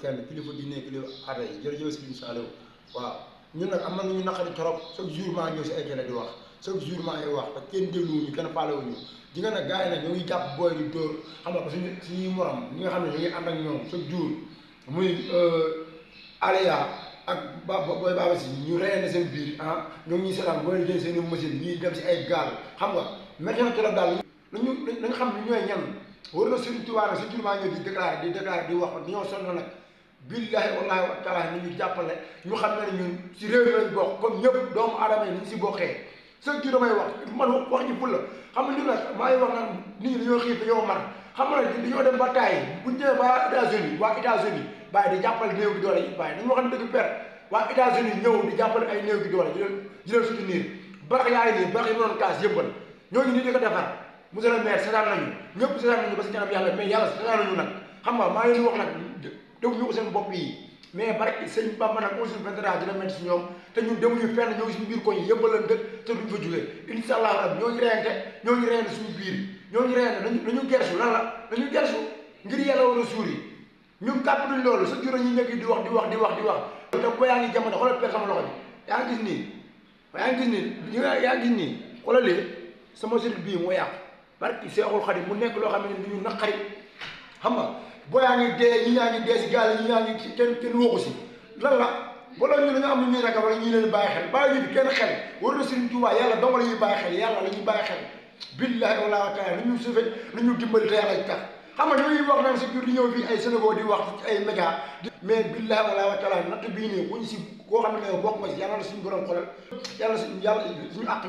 kenn kilifa diine kilifa aada yi jërëjëf Serigne Saliou waaw ñun nag am na ñu naqari trop chaque jour maa ñëw ay télé di wax chaque jour maa ngi wax te kenn dégluwuñu kenn faalewuñu di nga nag gars yi nag ñoo ngi jàpp booy di dóor xam nga suñu suñuy morom nga xam ne ñu ngi ànd ak ñoom chaque jour euh, ak ba booy Baba si ñu reyante seen biir ah ñoom ñuy seetaan booy i machine ñuy dem si ay gaal xam nga métti na trop daal lañu lañ xam ne ñooy ñan war na Serigne Touba nag surtout maa ngi di di déclaré di wax ñoo sonn nag billahi wallahi wa taala ni ñu jàppale xam ne ñun si réew mi lañ bokk doomu aadama yi si bokkee soo ji damay a man wax ji ful la xam nga li nga maa ngi wax naan nit ñi dañoo xiif dañoo mar xam nga ne dañoo dem ba taay bu ba di jàppale néew gi doole yi bàyyi dañu wax ne dëgg per waa États-Unis ñëw di jàppale ay néew gi doole di leen di leen soutenir barax yaa ngi nii barax yi mu doon kaas yëppal ñooñu nit ñi ko defar monsieur le maire seetaan ñëpp seetaan nañu ba si kanam yàlla mais yàlla seetaan nañu nag xam nga maa wax nag defuñu ko seen bopp yi mais barke sëñ Bamba nag aussi vingt dina mel si ñoom te ñun demuñu fenn ñoo ngi suñu biir koñ yëppalan dëkk te duñ fa jógee incha allah rab ñooñu reyante ñooñu reyante suñu biir ñooñu reyante nañu nañu gersu lan la nañu gersu ngir yàlla war a suur yi ñun kàpp duñ loolu sa juró ñu nekk di wax di wax di wax di wax te ko yaa ngi jamono xoolal per sama loxo bi yaa ngi gis nii yaa ngi gis nii yaa ngi gis nii xoolal lii sama sëriñ bii moo yàqu barke Seexul Xadim mu nekk loo xam ne ni ñu naqari xam nga boo yaa ngi dee ñi ñaa ngi dee si gaal yi ñi ñaa ngi ci kenn kenn waxu si lan la ñu dañoo am lu ñuy ragal wala ñu leen bàyyi xel na Sëriñ ñuy bàyyi xel yàlla la ñuy bàyyi xel billaahi wala wa taala nañu suufe nañu dimbali te yàlla ci xam nga ñooñuy wax biir di ñëw fii ay Sénégal di wax ci ay média mais billaahi nii kuñ si koo xam ne yow bokk nga si yàlla na suñu borom xolal yàlla suñu yàlla suñu àq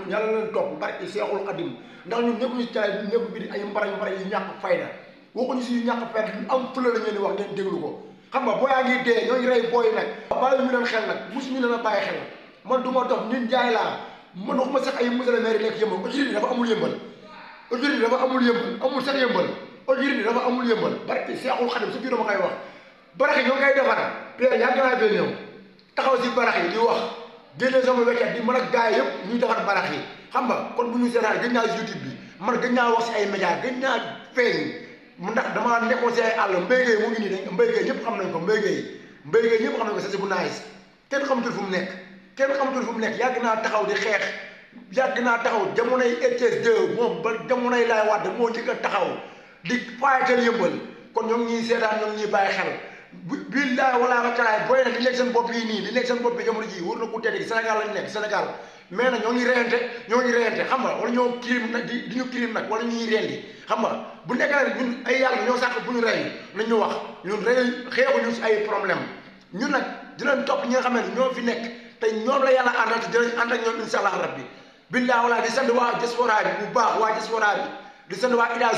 ñun ñu si taay ñëpp bi di ay mbarañ mbarañ yi ñàkk fayda waxuñu si ñàkk perte ñu am fële la ñu di wax ngeen déglu ko xam nga booyaa ngi dee ñooñu rey booy nag bàyyi ñu leen xel nag musu ñu leen a bàyyi xel man du ma dox nit njaay laa man waxuma sax ay monsieur le maire yi nekk yëmbal aujourd'hui dafa amul yëmbal aujourd'hui dafa amul yëmbal amul sax yëmbal aujourd'hui dafa amul yëmbal barke Seexul Xadim su biirama koy wax barax yi ñoo ngi koy defar Pierre yàgg naa fee ñëw taxaw si barax yi di wax génne sama wékkat di mën ak gaay yëpp ñuy defar barax yi xam nga kon bu ñu seetaan gën ñaa YouTube bi man gën ñaa wax si ay médias gën naa feeñ mun ndax damaa nekkoo si ay àll Mbaye Gueye mu ngi nii dañ Mbaye Gueye ñëpp xam nañ ko Mbaye Gueye Mbaye Gueye ñëpp xam nañ ko c'est bu naagis kenn xamatul fu mu nekk kenn xamatul fu mu nekk yàgg naa taxaw di xeex yàgg naa taxaw jamonoy RTS2 moom ba jamonoy Laay Wàdd moo njëkk a taxaw di faayatal yëmbal kon ñoom ñuy seetaan ñoom ñuy bàyyi xel billaay wala watalaay booy na di nekk seen bopp yi nii di nekk seen bopp yi jamono ji war na ku tedd gi Sénégal lañ nekk Sénégal mais nag ñoo ngi reyante ñoo ñu reyante xam nga wala ñoo kirim nag di di ñu kirim nag wala ñuy rendi xam nga bu nekkee nag ñun ay yàlla ñoo sàkk bu ñu rey nañ ñu wax ñun rey xeexuñu si ay problème ñun nag dinañ topp ñi nga xam ne ñoo fi nekk te ñoom la yàlla àndal te dinañ ànd ak ñoom insha allah rabbi billah wala di sant waa diaspora bi bu baax waa diaspora bi di sant waa états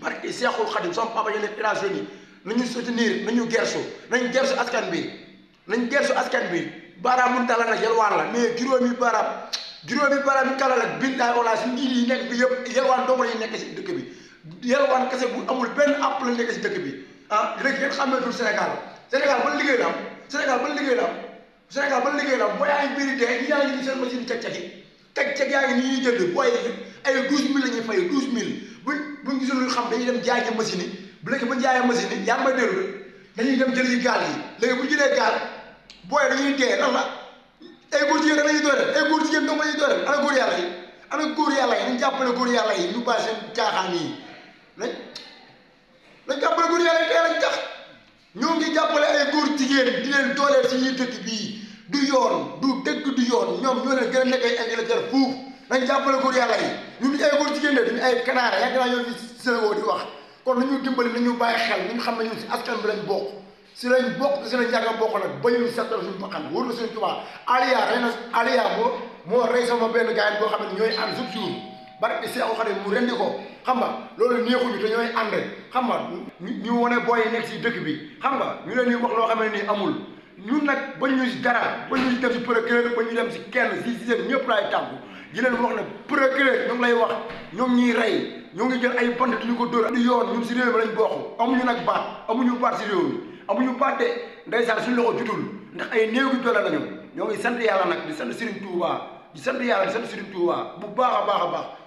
parce que Seexul Xadim sama papa ñu nekk États-Unis nañu soutenir nañu gersu nañ gersu askan bi nañ gersu askan bi baaraamu dala nag yalwaan la mais juróomi baaraam juróomi baaraam yi kala la yi nekk bi yëpp yalwaan doomu la ñu nekk si dëkk bi yalwaan kese bu amul benn àpp la nekk si dëkk bi ah léegi ngeen xàmmeetul Sénégal Sénégal ban liggéey la am Sénégal ban liggéey la am Sénégal ban liggéey la am ngi mbiri ni seen ñuy fay douze mille buñ buñ dañuy dem jaay machine yi bu léegi bu jaayee machine yi yaa ngi may déglu dañuy dem jëli gaal yi léegi bu jëlee gaal booy dañuy dee lan la ay góor jigéen lañuy dooleel ay góor jigéen dong lañuy dooleel ana góor yàlla yi ana góor yàlla yi nañ jàppale góor yàlla yi ñu bàyyi seen caaxaan yi nañ nañ jàppale góor yàlla yi tey lañ tax ñoo ngi jàppale ay góor jigéen di leen dooleel si ñuy dëkk bii du yoon du dëkk du yoon ñoom ñoo leen gën a nekk ay intellectuel foofu nañ jàppale góor yàlla yi ñun ay góor jigéen de duñu ay kanaara yàgg naa ñoo fi Sénégal di wax kon nañu dimbali nañu bàyyi xel ñu xam ne ñun si askan bi lañ bokk si lañ bokk si lañ yàgg a bokk nag ba ñu seetal suñu bakkan wóor na suñu tubaab Aliya rey na Aliya moo moo rey sama benn gars yi boo xam si dëkk bi xam nga ñu leen ñuy wax loo xam nii amul ñu si dara ba si ba ñu dem si kenn si sixième ñëpp laay tàggu di leen wax ne procureur ñoom lay wax ñoom ñuy rey ngi jël ay bant duñu ko yoon ñun si réew mi lañ bokk amuñu nag baat amuñu baat si réew amuñu baat de ndeysaan suñu loxo jutul ndax ay néew gi doole lañu ñoo ngi sant yàlla nag di sant Serigne Touba di sant yàlla di sant Serigne Touba bu baax a baax a baax